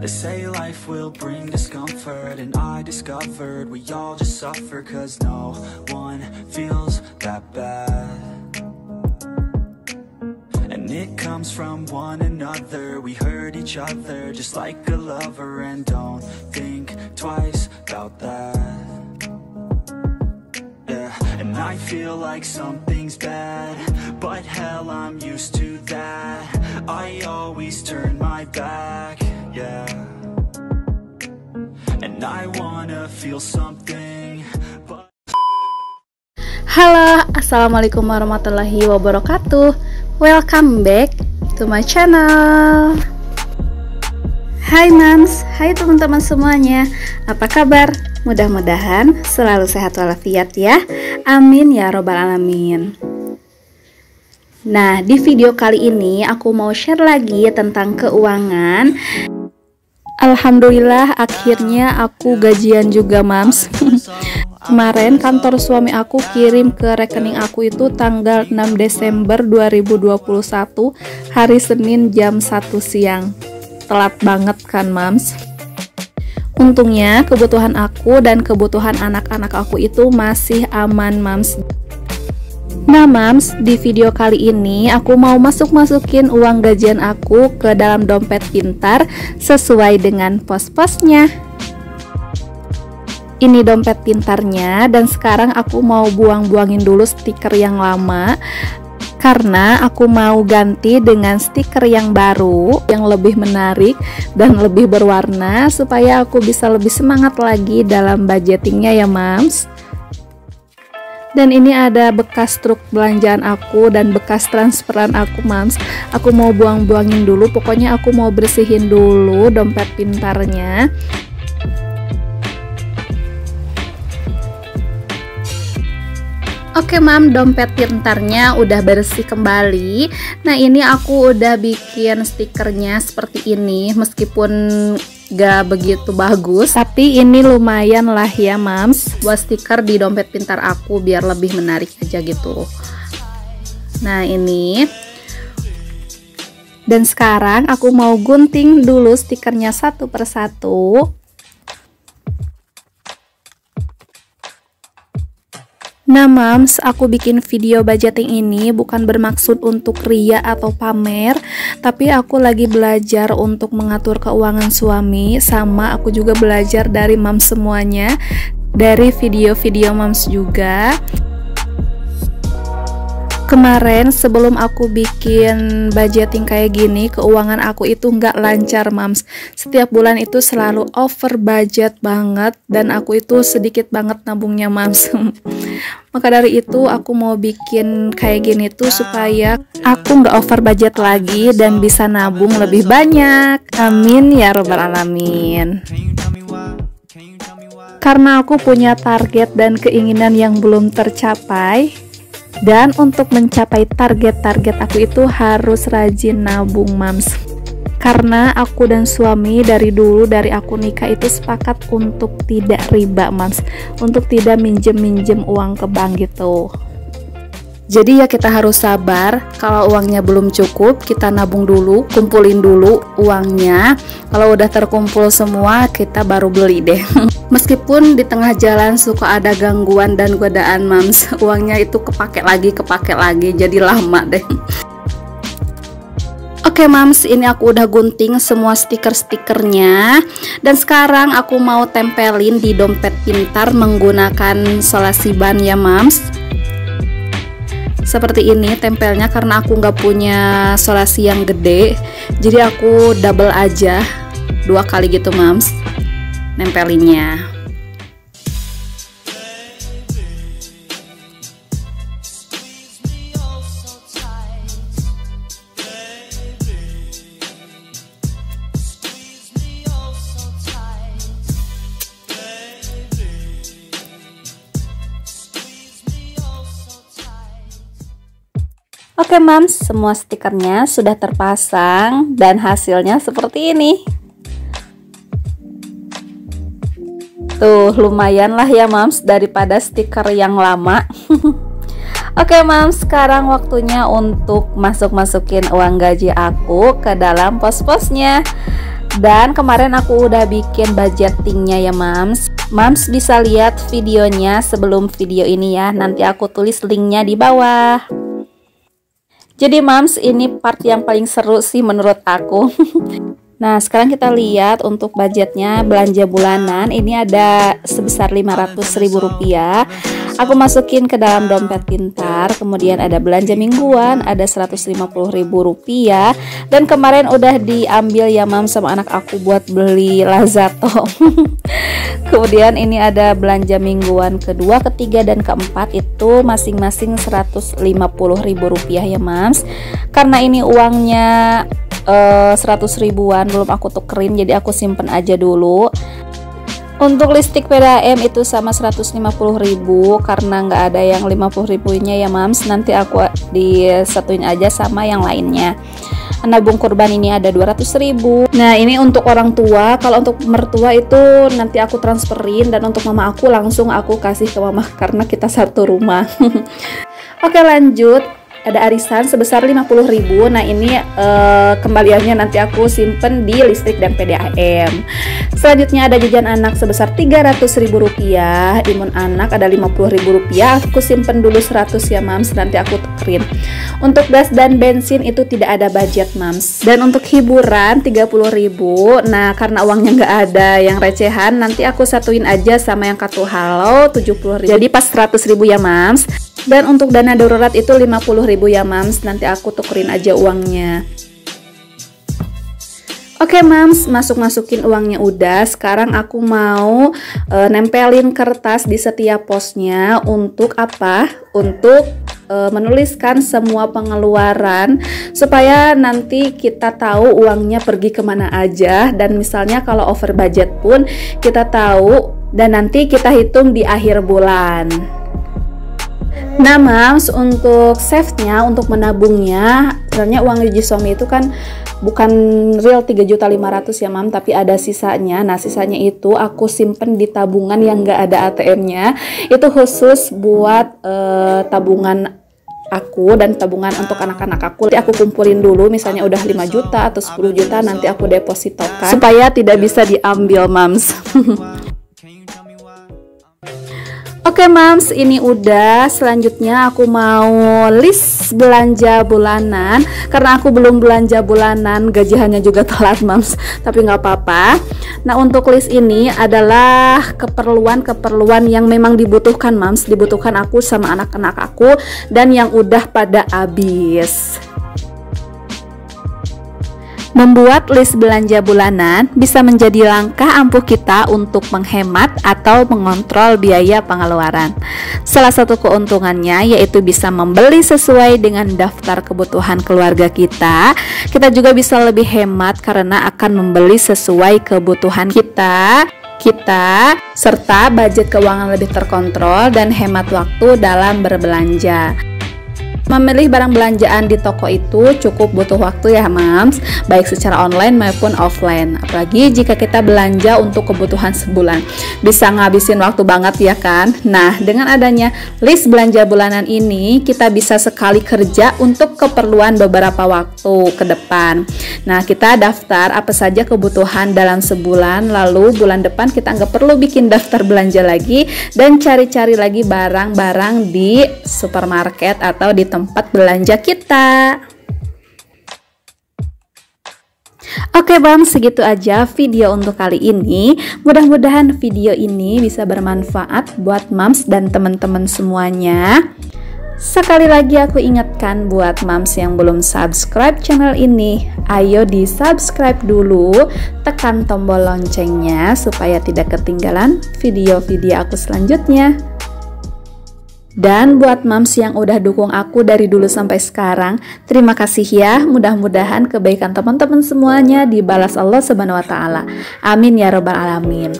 They say life will bring discomfort And I discovered we all just suffer Cause no one feels that bad And it comes from one another We hurt each other just like a lover And don't think twice about that and I feel like something's bad But hell, I'm used to that I always turn my back yeah And I wanna feel something Halo, Assalamualaikum warahmatullahi wabarakatuh Welcome back to my channel Hai Mams, hai teman-teman semuanya Apa kabar? Mudah-mudahan selalu sehat walafiat ya Amin ya robbal alamin Nah, di video kali ini aku mau share lagi tentang keuangan Alhamdulillah akhirnya aku gajian juga mams Kemarin kantor suami aku kirim ke rekening aku itu tanggal 6 Desember 2021 hari Senin jam 1 siang Telat banget kan mams Untungnya kebutuhan aku dan kebutuhan anak-anak aku itu masih aman mams Nah mams, di video kali ini aku mau masuk-masukin uang gajian aku ke dalam dompet pintar sesuai dengan pos-posnya Ini dompet pintarnya dan sekarang aku mau buang-buangin dulu stiker yang lama karena aku mau ganti dengan stiker yang baru yang lebih menarik dan lebih berwarna supaya aku bisa lebih semangat lagi dalam budgetingnya ya mams dan ini ada bekas truk belanjaan aku dan bekas transferan aku mams aku mau buang-buangin dulu pokoknya aku mau bersihin dulu dompet pintarnya Oke mam, dompet pintarnya udah bersih kembali Nah ini aku udah bikin stikernya seperti ini Meskipun gak begitu bagus tapi ini lumayan lah ya mams buat stiker di dompet pintar aku biar lebih menarik aja gitu nah ini dan sekarang aku mau gunting dulu stikernya satu persatu Nah mams, aku bikin video budgeting ini bukan bermaksud untuk ria atau pamer Tapi aku lagi belajar untuk mengatur keuangan suami Sama aku juga belajar dari mams semuanya Dari video-video mams juga Kemarin sebelum aku bikin budgeting kayak gini, keuangan aku itu nggak lancar, mams. Setiap bulan itu selalu over budget banget dan aku itu sedikit banget nabungnya, mams. Maka dari itu aku mau bikin kayak gini tuh supaya aku nggak over budget lagi dan bisa nabung lebih banyak. Amin ya robbal alamin. Karena aku punya target dan keinginan yang belum tercapai, dan untuk mencapai target-target aku itu harus rajin nabung mams karena aku dan suami dari dulu dari aku nikah itu sepakat untuk tidak riba mas untuk tidak minjem-minjem uang ke bank gitu jadi ya kita harus sabar kalau uangnya belum cukup kita nabung dulu kumpulin dulu uangnya kalau udah terkumpul semua kita baru beli deh meskipun di tengah jalan suka ada gangguan dan godaan mams uangnya itu kepake lagi kepake lagi jadi lama deh Oke mams, ini aku udah gunting semua stiker-stikernya Dan sekarang aku mau tempelin di dompet pintar menggunakan solasi ban ya mams Seperti ini tempelnya karena aku nggak punya solasi yang gede Jadi aku double aja Dua kali gitu mams Nempelinnya Oke mams, semua stikernya sudah terpasang dan hasilnya seperti ini. Tuh, lumayan lah ya mams daripada stiker yang lama. Oke mams, sekarang waktunya untuk masuk-masukin uang gaji aku ke dalam pos-posnya. Dan kemarin aku udah bikin budgetingnya ya mams Mams bisa lihat videonya sebelum video ini ya Nanti aku tulis linknya di bawah jadi mams ini part yang paling seru sih menurut aku. Nah, sekarang kita hmm. lihat untuk budgetnya belanja bulanan ini ada sebesar Rp500.000. Aku masukin ke dalam dompet pintar, kemudian ada belanja mingguan, ada Rp150.000 dan kemarin udah diambil ya mam sama anak aku buat beli Lazato. kemudian ini ada belanja mingguan kedua, ketiga dan keempat itu masing-masing Rp150.000 ya mams. Karena ini uangnya uh, eh, 100 ribuan belum aku tukerin jadi aku simpen aja dulu untuk listrik PDAM itu sama ribu, karena nggak ada yang 50 ribunya ya mams nanti aku disatuin aja sama yang lainnya nabung kurban ini ada ribu. nah ini untuk orang tua kalau untuk mertua itu nanti aku transferin dan untuk mama aku langsung aku kasih ke mama karena kita satu rumah oke lanjut ada arisan sebesar 50.000. Nah, ini uh, eh, kembaliannya nanti aku simpen di listrik dan PDAM. Selanjutnya ada jajan anak sebesar Rp300.000, imun anak ada Rp50.000. Aku simpen dulu 100 ya, Mams, nanti aku tekrin. Untuk gas dan bensin itu tidak ada budget, Mams. Dan untuk hiburan rp 30.000. Nah, karena uangnya nggak ada yang recehan, nanti aku satuin aja sama yang kartu halo rp 70.000. Jadi pas rp 100.000 ya, Mams. Dan untuk dana darurat itu 50.000 ya Mams, nanti aku tukerin aja uangnya. Oke okay, mams, masuk-masukin uangnya udah. Sekarang aku mau e, nempelin kertas di setiap posnya untuk apa? Untuk e, menuliskan semua pengeluaran supaya nanti kita tahu uangnya pergi kemana aja dan misalnya kalau over budget pun kita tahu dan nanti kita hitung di akhir bulan. Nah, Mams, untuk save-nya, untuk menabungnya, sebenarnya uang gaji suami itu kan bukan real 3 juta 500 ya mam tapi ada sisanya nah sisanya itu aku simpen di tabungan yang nggak ada ATM-nya itu khusus buat uh, tabungan aku dan tabungan untuk anak-anak aku. Nanti aku kumpulin dulu misalnya udah 5 juta atau 10 juta nanti aku depositokan supaya tidak bisa diambil mams. Oke okay, mams, ini udah. Selanjutnya aku mau list belanja bulanan karena aku belum belanja bulanan, gaji juga telat mams. Tapi nggak apa-apa. Nah untuk list ini adalah keperluan-keperluan yang memang dibutuhkan mams, dibutuhkan aku sama anak-anak aku dan yang udah pada habis. Membuat list belanja bulanan bisa menjadi langkah ampuh kita untuk menghemat atau mengontrol biaya pengeluaran. Salah satu keuntungannya yaitu bisa membeli sesuai dengan daftar kebutuhan keluarga kita. Kita juga bisa lebih hemat karena akan membeli sesuai kebutuhan kita kita, serta budget keuangan lebih terkontrol dan hemat waktu dalam berbelanja. Memilih barang belanjaan di toko itu cukup butuh waktu ya mams, baik secara online maupun offline. Apalagi jika kita belanja untuk kebutuhan sebulan, bisa ngabisin waktu banget ya kan? Nah, dengan adanya list belanja bulanan ini, kita bisa sekali kerja untuk keperluan beberapa waktu ke depan. Nah, kita daftar apa saja kebutuhan dalam sebulan, lalu bulan depan kita nggak perlu bikin daftar belanja lagi dan cari-cari lagi barang-barang di supermarket atau di tempat tempat belanja kita. Oke Bang, segitu aja video untuk kali ini. Mudah-mudahan video ini bisa bermanfaat buat mams dan teman-teman semuanya. Sekali lagi aku ingatkan buat mams yang belum subscribe channel ini, ayo di subscribe dulu, tekan tombol loncengnya supaya tidak ketinggalan video-video aku selanjutnya. Dan buat mams yang udah dukung aku dari dulu sampai sekarang, terima kasih ya. Mudah-mudahan kebaikan teman-teman semuanya dibalas Allah Subhanahu wa taala. Amin ya robbal alamin.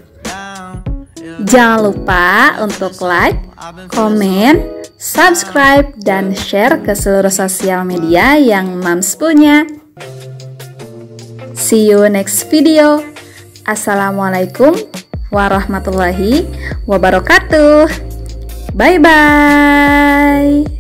Jangan lupa untuk like, komen, subscribe, dan share ke seluruh sosial media yang Mams punya. See you next video. Assalamualaikum warahmatullahi wabarakatuh. Bye bye.